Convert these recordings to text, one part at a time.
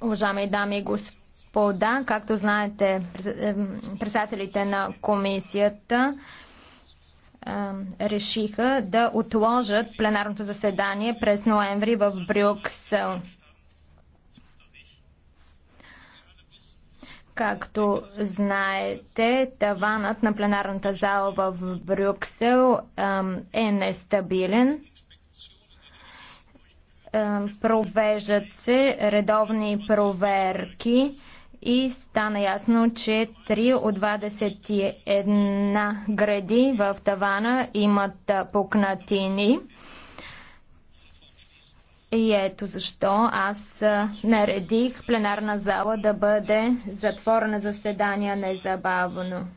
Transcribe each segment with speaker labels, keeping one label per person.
Speaker 1: Уважаеми дами и господа, както знаете, председателите на комисията решиха да отложат пленарното заседание през ноември в Брюксел. Както знаете, таванът на пленарната зала в Брюксел е нестабилен. Е, провеждат се редовни проверки и стана ясно, че 3 от 21 гради в тавана имат пукнатини. И ето защо аз наредих пленарна зала да бъде затворена заседание незабавно.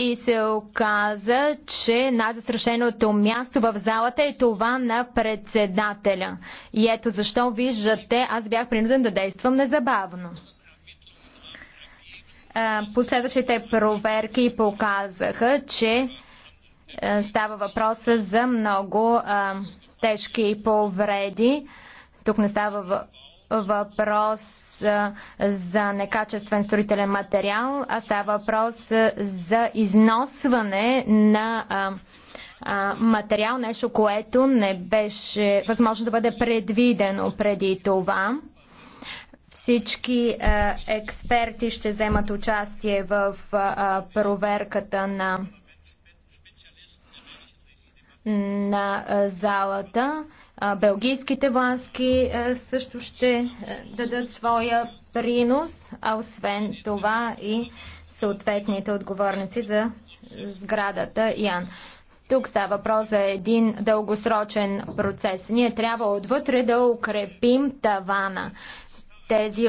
Speaker 1: и се оказа, че най-застрашеното място в залата е това на председателя. И ето защо виждате, аз бях принуден да действам незабавно. Последващите проверки показаха, че става въпроса за много тежки повреди. Тук не става въпрос за некачествен строителен материал, а става въпрос за износване на материал, нещо, което не беше възможно да бъде предвидено преди това. Всички експерти ще вземат участие в проверката на на залата. Белгийските власти също ще дадат своя принос, а освен това и съответните отговорници за сградата Ян. Тук става въпрос за един дългосрочен процес. Ние трябва отвътре да укрепим тавана. Тези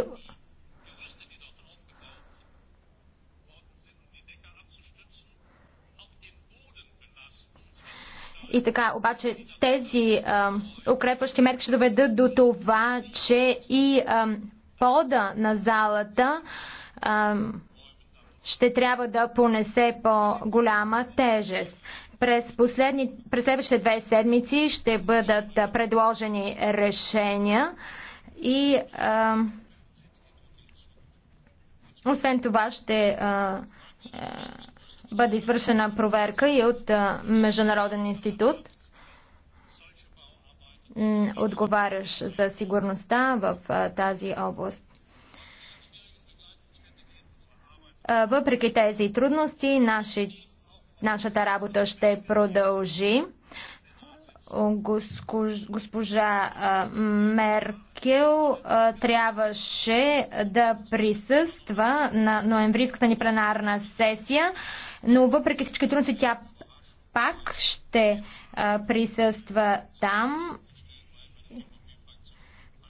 Speaker 1: И така, обаче тези а, укрепващи мерки ще доведат до това, че и а, пода на залата а, ще трябва да понесе по-голяма тежест. През, последни, през следващите две седмици ще бъдат предложени решения и а, освен това ще а, а бъде извършена проверка и от Международен институт, отговарящ за сигурността в тази област. Въпреки тези трудности, нашата работа ще продължи госпожа Меркел трябваше да присъства на ноемврийската ни пленарна сесия, но въпреки всички трудности тя пак ще присъства там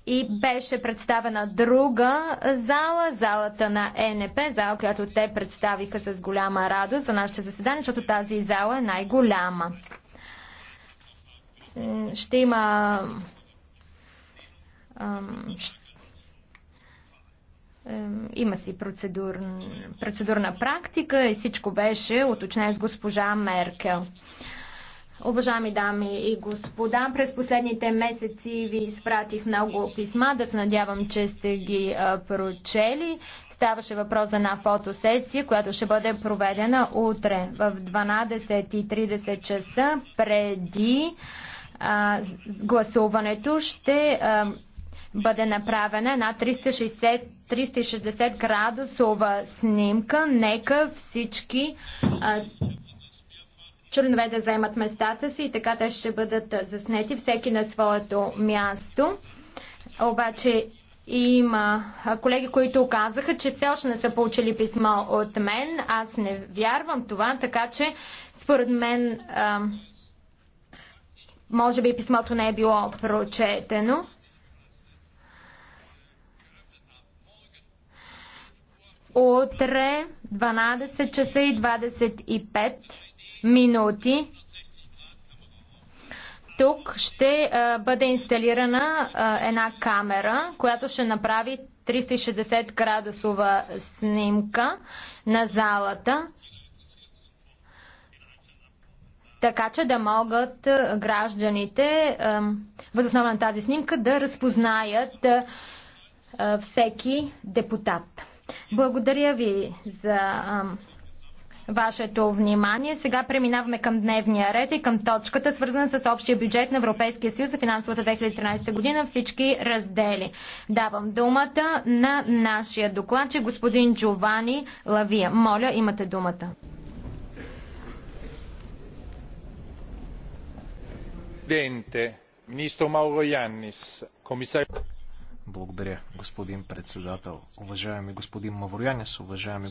Speaker 1: и беше представена друга зала, залата на ЕНП, зала, която те представиха с голяма радост за нашите заседания, защото тази зала е най-голяма ще има има си процедур, процедурна практика и всичко беше уточнено с госпожа Меркел. Уважаеми дами и господа, през последните месеци ви изпратих много писма, да се надявам, че сте ги а, прочели. Ставаше въпрос за една фотосесия, която ще бъде проведена утре в 12.30 часа преди а, гласуването ще а, бъде направена на 360, 360 градусова снимка. Нека всички а, членове да заемат местата си и така те ще бъдат заснети всеки на своето място. Обаче има колеги, които казаха, че все още не са получили писмо от мен. Аз не вярвам това, така че според мен. А, може би писмото не е било прочетено. Утре 12 часа и 25 минути тук ще а, бъде инсталирана а, една камера, която ще направи 360 градусова снимка на залата така че да могат е, гражданите е, възоснова на тази снимка да разпознаят е, всеки депутат. Благодаря ви за вашето внимание. Сега преминаваме към дневния ред и към точката, свързана с общия бюджет на Европейския съюз за финансовата 2013 година, всички раздели. Давам думата на нашия докладчик, господин Джовани Лавия. Моля, имате думата. presidente министър Мауро Яннис, комисар... Благодаря, господин председател. Уважаеми господин Мавроянис, уважаеми